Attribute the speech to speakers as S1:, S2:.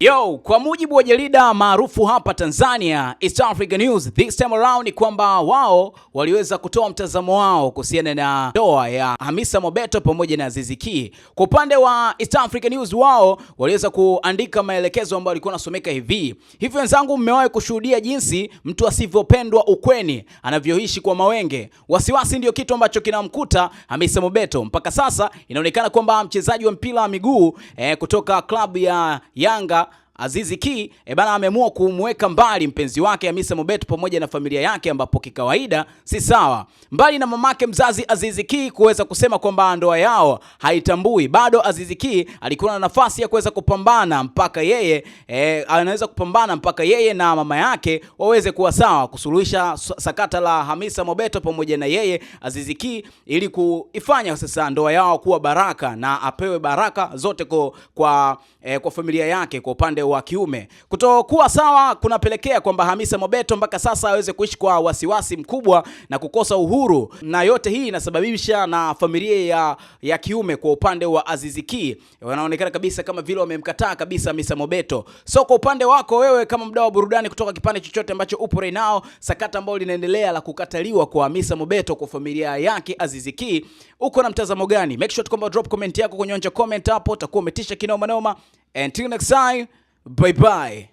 S1: Yo, kwa mujibu wa jarida maarufu hapa Tanzania East Africa News, this time around ni kwamba wao waliweza kutoa mtazamo wao kuhusiana na ndoa ya Hamisa Mobeto pamoja na Azizi Ki. Kwa upande wa East Africa News, wao waliweza kuandika maelekezo ambayo yalikuwa nasomeka hivi hivi: wenzangu, mmewahi kushuhudia jinsi mtu asivyopendwa ukweni anavyoishi kwa mawenge. Wasiwasi ndio kitu ambacho kinamkuta Hamisa Mobeto. Mpaka sasa inaonekana kwamba mchezaji wa mpira wa miguu eh, kutoka klabu ya Yanga Azizi Ki e bana ameamua kumweka mbali mpenzi wake Hamisa Mobet pamoja na familia yake, ambapo kikawaida si sawa. Mbali na mamake mzazi Azizi Ki kuweza kusema kwamba ndoa yao haitambui, bado Azizi Ki alikuwa na nafasi ya kuweza kupambana mpaka yeye e, anaweza kupambana mpaka yeye na mama yake waweze kuwa sawa, kusuluhisha sakata la Hamisa Mobeto pamoja na yeye Azizi Ki ili kuifanya sasa ndoa yao kuwa baraka na apewe baraka zote kwa, kwa, eh, e, kwa familia yake kwa upande wa kiume. Kutokuwa sawa kunapelekea kwamba Hamisa Mobeto mpaka sasa aweze kuishi kwa wasiwasi mkubwa na kukosa uhuru, na yote hii inasababisha na familia ya, ya kiume kwa upande wa Aziziki wanaonekana kabisa kama vile wamemkataa kabisa Hamisa Mobeto. So kwa upande wako wewe kama mdau wa burudani kutoka kipande chochote ambacho upo right now, sakata ambalo linaendelea la kukataliwa kwa Hamisa Mobeto kwa familia yake Aziziki, uko na mtazamo gani? Make sure kwamba drop comment yako kwenye onja comment hapo, utakuwa umetisha kinoma noma. Until next time, bye bye.